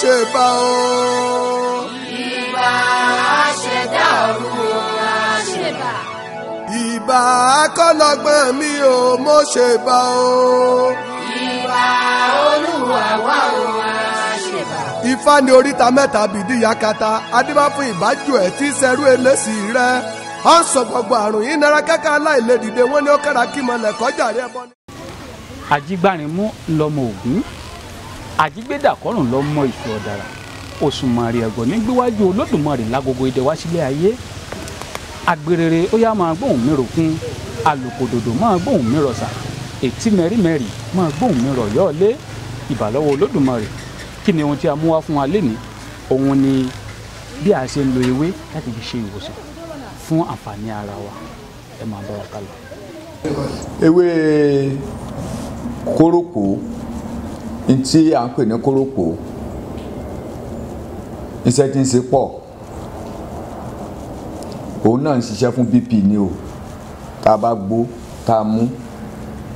ṣe bá o. ìbà àṣẹdá ọ̀run àṣẹbà. ìbà akọ́lọ́gbọ́n mi ò mọ̀ ṣe bá o. ìbà olúwa wà o àṣẹbà. ifá ni oríta mẹ́ta bìdí yakata adébá fún ìbájú ẹ̀ tí sẹ́rú eléṣìí rẹ̀ ọ̀ ń sọ gbogbo àrùn yìí nára kẹ́kẹ́ aláìlè dìde wọ́n ní ó kára kí mọ̀lẹ́kọ́jà rẹ̀ bọ́. àjígbárin mú lọmọ ògún àjígbédàkọ́rùn lọ mọ ìṣù ọ̀dàrà òṣùmàrè ẹ̀gọ́ nígbíwájú olódùmarè lágogo idẹ wá sílé ayé agbèrèrè ó yá máa gbóhùn mi ròkun alòkòdòdò máa gbóhùn mi rọ̀ṣà ètí mẹ́rìmẹ́rì máa gbóhùn mi rọ̀ yọ́ọ̀lé ìbàlọ́wọ́ olódùmarè kí ni ohun tí a mú wá fún wa lénìí òun ni bí a ṣe ń lo ewé láti fi ṣe ìwòsàn fún àǹfààní ara wa ẹ máa bá wa kálọ. ewé kórókòó ntí à ń pè ní kórópò iṣẹ́ tí ń ṣe pọ̀ òun náà ń ṣiṣẹ́ fún bp ni o tá a bá gbó tá a mú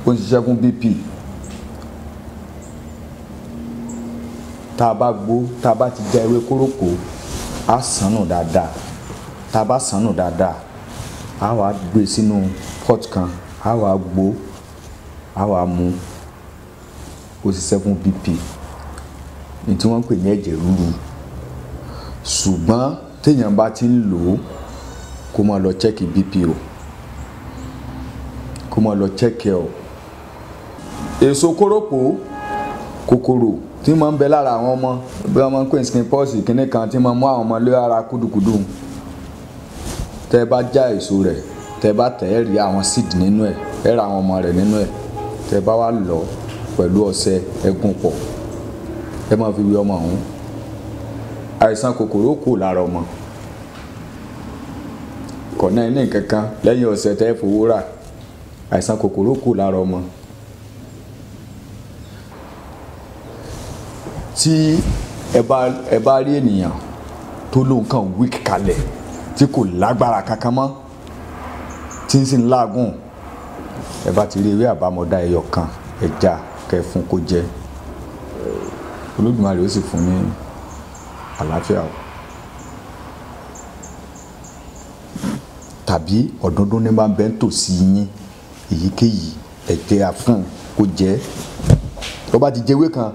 ó ń ṣiṣẹ́ fún bp tá a bá gbó tá a bá ti já ewé kórópò á sàn nù dáadáa tá a bá sàn nù dáadáa á wàá gbé sínú pot kan á wàá gbó á wàá mú ó sì seven bp ní tí wọ́n ń pè ní ẹ̀jẹ̀ ríru ṣùgbọ́n téèyàn bá ti ń lò ó kó máa lọ chẹ́kì bp o kó máa lọ chẹ́kì ẹ̀ o èso kórópò kòkòrò tí máa ń bẹ lára àwọn ọmọ bí wọ́n máa ń pè skin pulse kínní kan tí máa mú àwọn ọmọ lé ara kúdùkúdù tẹ́ bá já èso rẹ̀ tẹ́ bá tẹ̀ ẹ́ rí àwọn seed nínú ẹ̀ ẹ̀ ra àwọn ọmọ rẹ̀ nínú ẹ̀ tẹ́ bá wá lọ pẹ̀lú ọṣẹ ẹ̀gún pọ̀ ẹ máa fi wí ọmọ ọ̀hún àìsàn kòkòrò kù lára ọmọ kọ̀nà ilé kankan lẹ́yìn ọ̀sẹ̀ tẹ́ fowó rà àìsàn kòkòrò kù lára ọmọ tí ẹ bá rí ènìyàn tó ló nǹkan wík kalẹ̀ tí kò lágbára kankan mọ́ tí ń sìn láàgùn ẹ bá ti rí ewé àbámọ́dá ẹyọ kan ẹja. E kẹ́ fún kó jẹ Olódùmarè ó sì fún ní àlàáfíà o tàbí ọ̀dúndún ní máa ń bẹ́ ń tòsí yín èyíkéyìí ẹ̀jẹ̀ àfún kó jẹ tó bá ti jẹwé kan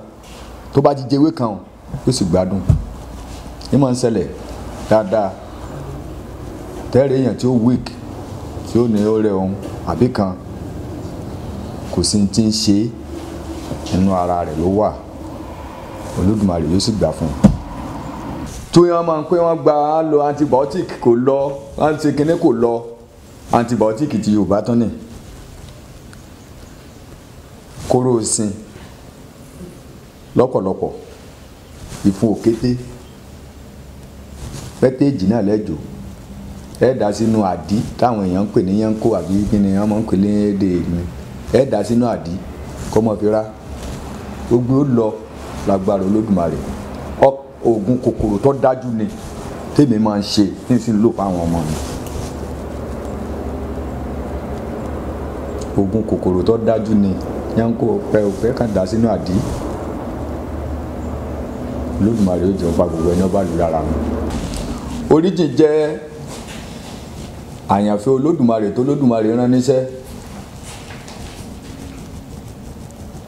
tó bá ti jẹwé kan yóò sì gbádùn ní máa ń ṣẹlẹ̀ dáadáa tẹ́rẹ̀ èèyàn tí ó weak tí ó ní ó rẹ̀ òun àbí kan kò sí ti ń ṣe é inú ara rẹ̀ ló wà olódùmarè yóò sì gbà fún un tóyẹ wọn máa ń pé wọn gba á lo antibiotic kò lọ àǹtí kò lọ antibiotic ti Yorùbá tán ni kóró òsìn lọ́pọ̀lọpọ̀ ìfun òkété pẹ́tẹ́jì náà lẹ́jọ́ ẹ dà sínú àdí táwọn èèyàn ń pè ní yánkó àbí kí ni wọ́n máa ń pè ní èdè mi ẹ dà sínú àdí kọ́mọ fi rá gbogbo ó lọ lágbára olódùmarè oògùn kòkòrò tó dájú ni tèmi máa ń ṣe tí n sì ń lò fáwọn ọmọ mi. oògùn kòkòrò tó dájú ni yanko pẹ́ẹ́pẹ́ kan dá sínú àdí olódùmarè ó jẹun pa gbogbo ẹni ọba lù lára wọn. oríjì jẹ́ àyànfẹ́ olódùmarè tó olódùmarè rán níṣẹ́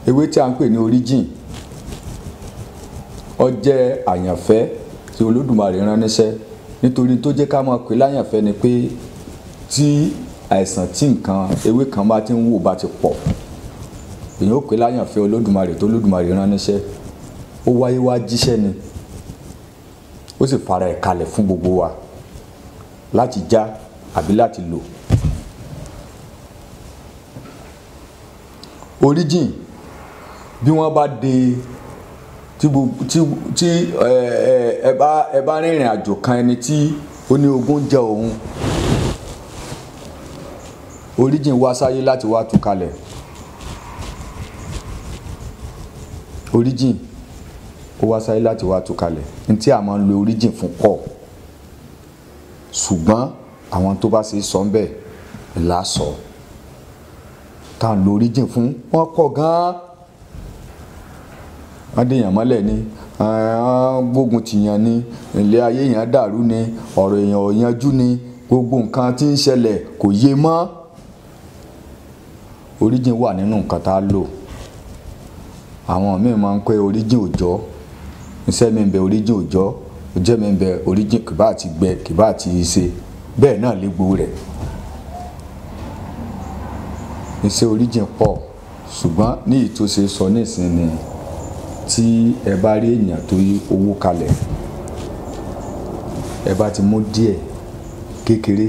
ewé tí a ń pè ní origin ó jẹ́ àyànfẹ́ tí olódùmarè rán níṣẹ́ nítorí tó jẹ́ ká mọ̀ pé láyànfẹ́ ni pé tí àìsàn tí nǹkan ewé kan bá ti ń wò bá ti pọ̀ èyàn ó pè láyànfẹ́ olódùmarè tó olódùmarè rán níṣẹ́ ó wáyé wá jíṣẹ́ ni ó sì fara ẹ̀ fún gbogbo wa láti já àbí láti lò origin bí wọ́n bá de tí tí ẹ bá ẹ bá rìnrìn àjò kan ẹni tí ó ní ogún jẹ́ òun origin wá sáyé láti wá tú kalẹ̀ origin ó wá sáyé láti wá tú kalẹ̀ ní tí a máa ń lo origin fún pọ̀ ṣùgbọ́n àwọn tó bá ṣe sọ ń bẹ̀ lásọ̀ tá à lo origin fún wọn kọ̀ gan-an adéyàn mọ́lẹ̀ ni gbógun tìyàn ni ilé ayé yẹn dàrú ni ọ̀rọ̀ èèyàn ò yanjú ni gbogbo nǹkan tí ń ṣẹlẹ̀ kò yé mọ́ origin wà nínú nǹkan tá a lò àwọn míì máa ń pẹ́ origin òjọ́ iṣẹ́ mi ń bẹ origin òjọ́ òjẹ́ mi ń bẹ origin kìbá àti gbẹ kìbá àti ṣe bẹ́ẹ̀ náà légbò rẹ̀ iṣẹ́ origin pọ̀ ṣùgbọ́n ní ìtòsí sọ nísìnyí tí ẹ bá rí èèyàn tó yí owó kalẹ̀ ẹ bá ti mú díẹ̀ kékeré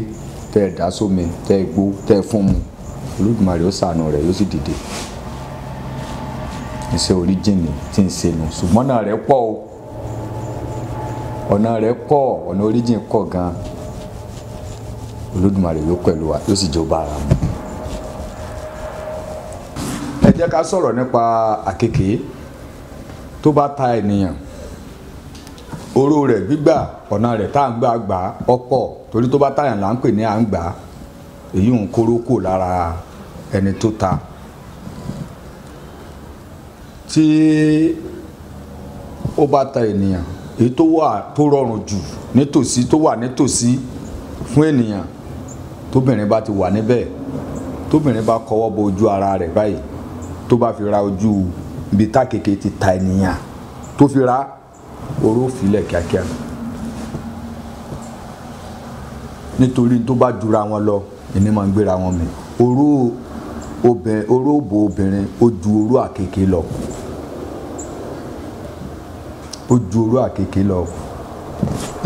tẹ́ ẹ dá sómi tẹ́ ẹ gbó tẹ́ ẹ fún mu olódùmarè ó ṣàánú rẹ̀ yóò sì dìde iṣẹ́ oríjìnì tí ń ṣe nù ṣùgbọ́n ọ̀nà rẹ̀ pọ̀ o ọ̀nà rẹ̀ pọ̀ ọ̀nà oríjìn pọ̀ gan olódùmarè yóò pẹ̀lú wa yóò sì jẹ́ bá ara mu. ẹ jẹ́ ká sọ̀rọ̀ nípa àkekèé tó bá ta ènìyàn oró rẹ̀ gbígbà ọ̀nà rẹ̀ tá à ń gbà gbà ọ̀pọ̀ torí tó bá tàyàn là ń pè ní à ń gbà èyí ń kóró kò lára ẹni tó ta tí ó bá ta ènìyàn èyí tó wà tó rọrùn jù nítòsí tó wà nítòsí fún ènìyàn tóbìnrin bá ti wà níbẹ̀ tóbìnrin bá kọwọ́ bo ojú ara rẹ̀ báyìí tó bá fi ra ojú ibi tá kékeré ti ta ènìyàn tó fi ra oró filẹ̀ kíákíá nítorí tó bá jura wọn lọ ẹni máa ń gbéra wọn mi oró obìnrin oró òbò obìnrin ó ju oró àkekè lọ ó ju oró àkekè lọ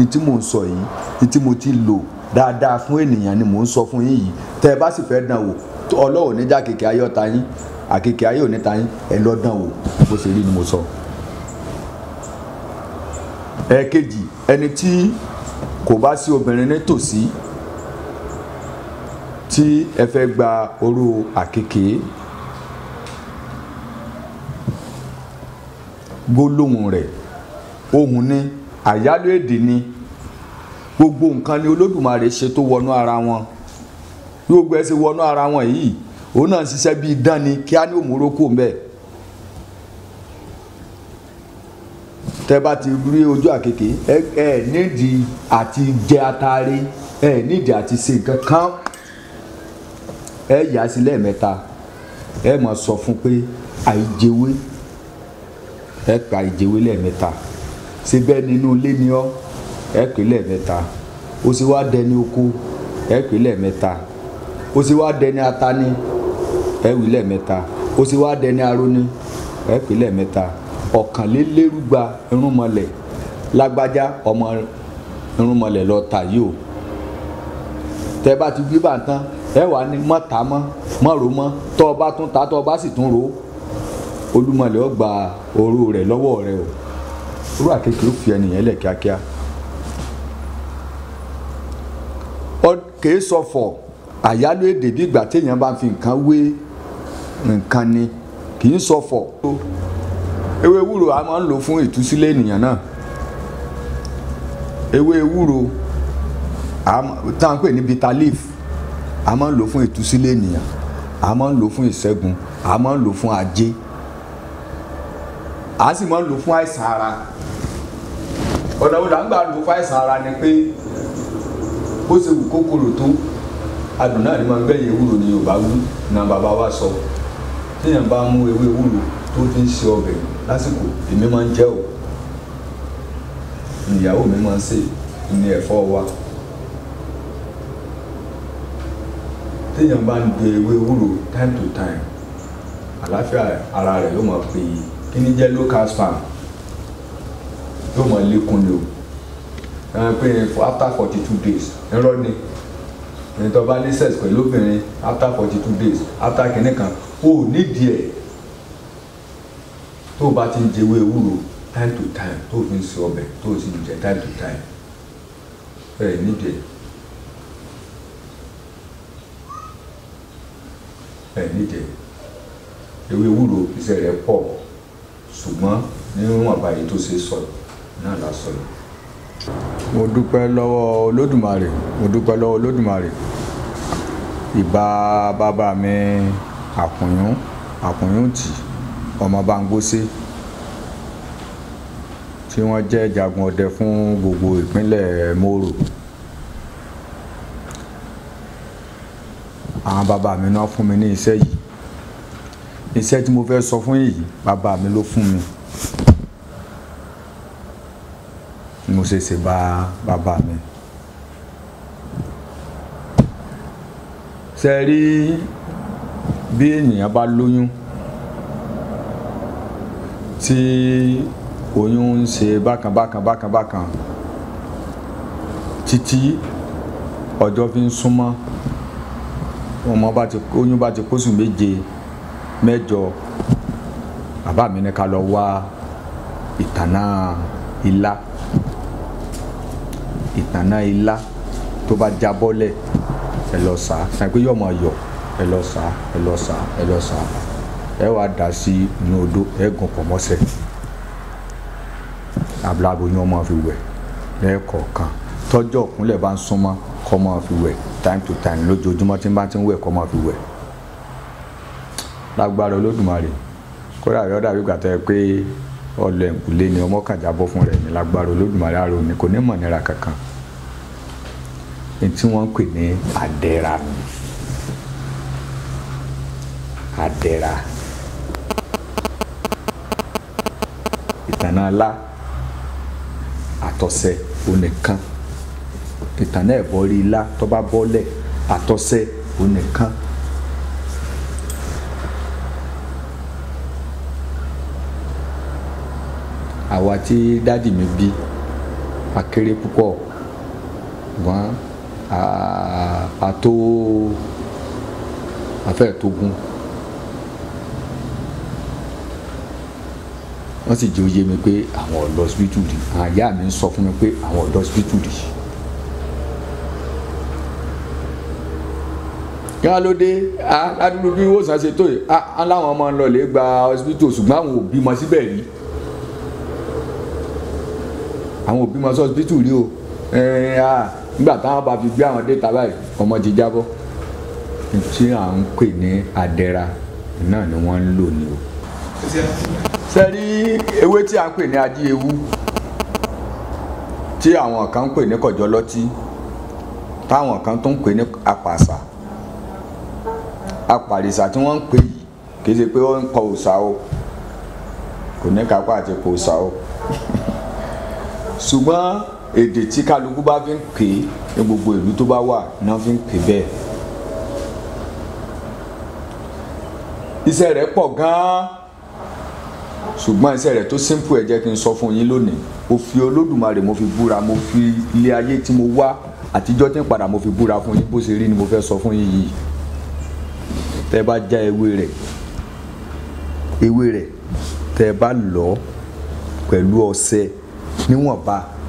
ìtí mò ń sọ yìí ìtí mo ti lò dáadáa fún ènìyàn ni mò ń sọ fún yín yìí tẹ́ ẹ bá sì fẹ́ dàn wò ọlọ́wọ́ níjà kékeré ayọ́ta yín àkekèé ayé òní ta ẹ lọ́dàn wò bó ṣe rí ni mo sọ. ẹ̀ẹ̀kejì ẹni tí kò bá sí obìnrin nítòsí tí ẹ fẹ́ gba orú àkekèé gbólóhùn rẹ̀ ohùn ni àyálò èdè ni gbogbo nǹkan ni Olódùmarè ṣe tó wọnú ara wọn bí gbogbo ẹ ṣe wọnú ara wọn yìí òun náà ṣiṣẹ́ bíi dání kí á ní òmùrókò ń bẹ̀. tẹ́ bá ti rí ojú àkekè ẹ ẹ nídìí àti jẹ atare ẹ nídìí àti ṣe nǹkan kan ẹ yà á sí lẹ́ẹ̀mẹ́ta ẹ máa sọ fún pé àìjẹwé ẹ pa àìjẹwé lẹ́ẹ̀mẹ́ta ṣe bẹ́ẹ̀ nínú ilé ni ọ́ ẹ pè lẹ́ẹ̀mẹ́ta ó sì wá dẹni oko ẹ pè lẹ́ẹ̀mẹ́ta ó sì wá dẹni atani ẹ wí lẹ́ẹ̀mẹ́ta ó sì wá dẹni aróní ẹ pè lẹ́ẹ̀mẹ́ta ọ̀kànlélérúgba irúnmọlẹ̀ lágbájá ọmọ irúnmọlẹ̀ lọ tà yìí o tẹ bá ti gbígbà tán ẹ wà ní mọ́ta mọ́ mọ́rò mọ́ tọ́ ọ bá tún ta tọ́ ọ bá sì tún ro olúmọlẹ̀ ọ gba oró rẹ̀ lọ́wọ́ rẹ̀ o orú àkekèé ó fi ẹnìyẹn lẹ̀ kíákíá kèé sọ̀fọ̀ àyálò èdè bí ìgbà téèyàn bá fi nǹkan wé nǹkan ni kì í ṣọ̀fọ̀ ewé ewúro a máa ń lò fún ìtúsílẹ̀ ènìyàn náà ewé ewúro tá à ń pè ní bitter leaf a máa ń lò fún ìtúsílẹ̀ ènìyàn a máa ń lò fún ìṣẹ́gun a máa ń lò fún ajé a sì máa ń lò fún àìsàn ara ọ̀nà wo là ń gbà lò fún àìsàn ara ni pé ó ṣe wù kókòrò tó adùn náà ni máa ń gbẹ̀yìn ewúro ni yorùbá wú na bàbá wa sọ téèyàn bá mú ewé ewúro tó fi ń ṣe ọbẹ̀ lásìkò èmi máa ń jẹ́ o ìyàwó mi máa ń sè ní ẹ̀fọ́ wa téèyàn bá ń gbé ewé ewúro time to time àlàáfíà ara rẹ̀ yóò máa pè é kí ni jẹ́ local spam yóò máa lékún ni o ẹ pé after forty two days ẹ rọ́ ni ẹni tó bá ní sex pẹ̀lú obìnrin after forty two days after kìnnì kan ó nídìí ẹ̀ tó o bá ti ń jẹwé ewúro time to time tó o fi ń sè ọbẹ̀ tó o sì ń jẹ time to time ẹ̀ nídìí ẹ̀ nídìí ewé ewúro iṣẹ́ rẹ̀ pọ̀ ṣùgbọ́n níwọ̀nba èyí tó ṣe sọ̀rọ̀ náà la sọ̀rọ̀ mo dúpẹ́ lọ́wọ́ olódùmarè mo dúpẹ́ lọ́wọ́ olódùmarè ìbà bàbá mi àkùnyún àkùnyúntì ọmọ bangosé tí wọ́n jẹ́ jagun ọdẹ fún gbogbo ìpínlẹ̀ moro àwọn bàbá mi náà fún mi ní iṣẹ́ yìí iṣẹ́ tí mo fẹ́ sọ fún yìí bàbá mi ló fún mi mo ṣe ṣe bá bàbá mi. ṣe rí bí ènìyàn bá lóyún tí oyún ń ṣe bákan bákan bákan bákan títí ọjọ́ fi ń súnmọ́ ọmọ bá ti oyún bá ti kóṣù méje mẹ́jọ bàbá mi ní ká lọ wá ìtànà ilá nàná ilá tó bá jábọ́lẹ̀ ẹ lọ sá sàn pé yóò máa yọ ẹ lọ sá ẹ lọ sá ẹ lọ sá ẹ wàá dà sí inú odó ẹ gùn pọ̀ mọ́sẹ̀ abúlábo ni wọ́n máa fi wẹ̀ lẹ́ẹ̀kọ̀ọ̀kan tọ́jọ́ òkúnlẹ̀ bá ń súnmọ́ kọ́ máa fi wẹ̀ time to time lójoojúmọ́ tí n bá ti ń wẹ̀ kọ́ máa fi wẹ̀ lágbára olódùmarè kódà rẹ ọdà wípé àtẹ pé ọlọ ẹ̀kúlé ni ọmọ kàn jábọ́ fún rẹ̀ ní lágbára olódùmarè àrò ní kò ní mọ̀ nira kankan tí wọ́n ń pè ní àdẹ́ra nù àdẹ́ra ìtànà alá àtọ̀sẹ̀ onìkan ìtànà ẹ̀bọ̀rí ilá tọ́ba bọ́lẹ̀ àtọ̀sẹ̀ onìkan. àwa tí dádì mi bí a púpọ̀ gan-an àtó àfẹ́ẹ̀tógún wọ́n sì jẹ́ oyé mi pé àwọn ọ̀dọ́ hospital rí àyà mi ń sọ fún mi pé àwọn ọ̀dọ́ hospital rí. kí ló dé adúlù bí ìwòsàn ṣe tó yìí aláwọn ọmọ ńlọlẹ̀ gba hospital ṣùgbọ́n àwọn ò bímọ síbẹ̀ rí àwọn ò bímọ sí rí o nígbà táwọn bá fi gbé àwọn dé ta báyìí ọmọ ti jábọ́ tí à ń pè ní adẹ́ra náà ni wọ́n ń lò ní o. sẹ́rí ewé tí a ń pè ní ají ewu tí àwọn kan ń pè ní kọ̀jọ́lọ́tí táwọn kan tó ń pè ní apàṣà apàrìṣà tí wọ́n ń pè yìí kì í ṣe pé ó ń kọ òòṣà o kò ní kápá àti kò òòṣà o ṣùgbọ́n èdè tí kálukú bá fi ń pè é ní gbogbo ìlú tó bá wà náà fi ń pè bẹ́ẹ̀. iṣẹ́ rẹ̀ pọ̀ gan-an ṣùgbọ́n iṣẹ́ rẹ̀ tó simple ẹ̀ jẹ́ kí n sọ fún yín lónìí mo fi olódùmarè mo fi búra mo fi ilé ayé tí mo wá àtijọ́ tí ń padà mo fi búra fún yín bó ṣe rí ni mo fẹ́ sọ fún yín yìí tẹ́ bá já ewé rẹ̀ ewé rẹ̀ tẹ́ bá lọ̀ pẹ̀lú ọṣẹ níwọ̀nba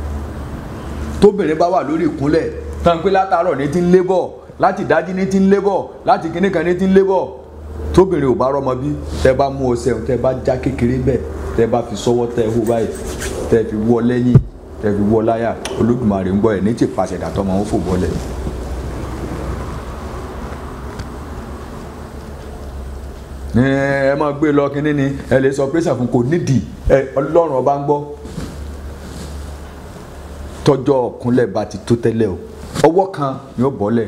tóbìnrin bá wà lórí ìkúnlẹ̀ tán pé látàárọ̀ ní ti ń lébọ̀ láti dájí ní ti ń lébọ̀ láti kíní kan ní ti ń lébọ̀ tóbìnrin ò bá rọmọ bí tẹ bá mú ọṣẹ tẹ bá já kékeré bẹ́ẹ̀ tẹ bá fi sọ́wọ́ tẹ hó báyìí tẹ fi wọ lẹ́yìn tẹ fi wọ láyà Olódùmarè ń gbọ́ ẹ̀ ní ti pàṣẹ dàtọ́ máa ń fò bọ́lẹ̀. ẹ máa gbé lọ kínní ni ẹ lè sọ pé ṣàfùn kò nídìí ẹ Ọlọ́run ọba ń gbọ́ tọjọ́ ọ̀kúnlẹ̀ bá ti tó tẹ́lẹ̀ o ọwọ́ kan yóò bọ́lẹ̀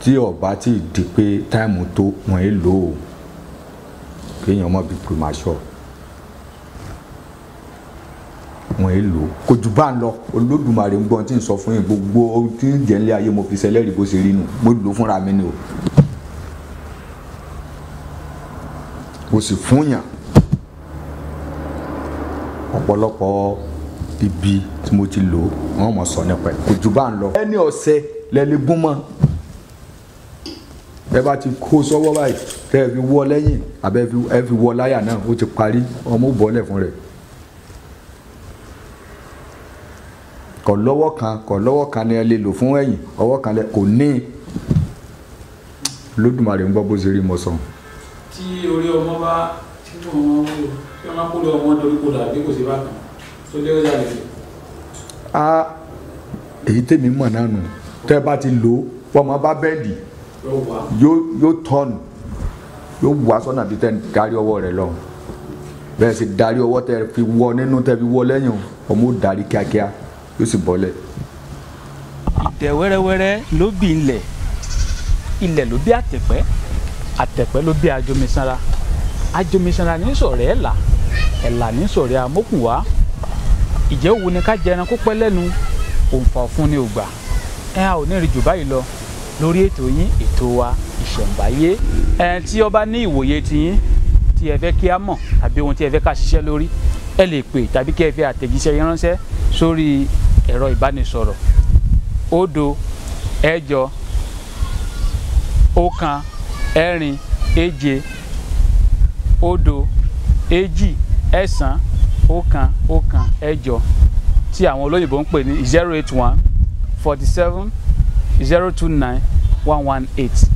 tí ọba ti di pé táìmù tó wọ́n é lò ó kéèyàn mọ̀ bí pèmàṣọ wọ́n é lò ó kò jù bá ń lọ olódùmarè ń gbọ́n tí ń sọ fún yín gbogbo ohun tí ń jẹ́ nílé ayé mo fi ṣẹlẹ́rìí bó ṣe rí nu mo lò fúnra mi ni o mo sì fún yàn ọ̀pọ̀lọpọ̀ ibi tí mo ti lò wọ́n mọ̀ sọ nípa ẹ̀ kò jù bá ń lọ. ẹni ọ̀sẹ̀ lẹ́ni gúnmọ́ ẹ bá ti kó sọ́wọ́ báyìí tẹ́ ẹ fi wọ́ lẹ́yìn àbẹ́ ẹ fi wọ́ láyà náà ó ti parí ọmọ ò bọ́lẹ̀ fún rẹ̀. kò lọ́wọ́ kan kò lọ́wọ́ kan ni ẹ lè lò fún ẹ̀yìn ọwọ́ kan lẹ kò ní lódùmarè ń gbọ́ bó ṣe rí mọ́ sàn. tí orí ọmọ bá títún ọmọ wò máa kó lọ wọn dorí kodò àbí kò sí bákan tó lé ọjà lè. a èyí tèmi mọ̀ náà nù tẹ́ bá ti lò fọmọ bá bẹ́ẹ̀dì yóò tọ́nù yóò wá sọ́nà bí tẹ́ ń darí ọwọ́ rẹ̀ lọ bẹ́ẹ̀ sì darí ọwọ́ tẹ́ fi wọ nínú tẹ́ fi wọ lẹ́yìn ọmọ ó darí kíákíá yóò sì bọ́lẹ̀. ìtẹ̀ wẹ́rẹ́wẹ́rẹ́ ló bí ilẹ̀ ilẹ̀ ló bí àtẹ̀pẹ́ àtẹ̀pẹ́ ló bí ajomisanra ajomisanra ní sọ̀rọ̀ ẹ̀ ẹ̀là ní sọ̀rẹ́ amókùnwá ìjẹ́ òwú ni ká jẹran kó pẹ́ lẹ́nu òǹfà ọ̀fun ni ògbà ẹ a ò ní rí jù báyìí lọ lórí ètò yín ètò wa ìṣẹ̀ǹbáyé ẹ tí ó bá ní ìwòye tiyín tí ẹ fẹ́ kí a mọ̀ tàbí ohun tí ẹ fẹ́ ká ṣiṣẹ́ lórí ẹ lè pè tàbí kí ẹ fi àtẹ̀jíṣẹ́ yín ránṣẹ́ sórí ẹ̀rọ ìbánisọ̀rọ̀ òdo ẹ̀jọ ọ̀kan ẹ̀rin èje òdo èjì ẹ̀sán ọ̀kan ọ̀kan ẹ̀jọ tí àwọn olóyìnbó ń pè ní zero eight one forty seven zero two nine one one eight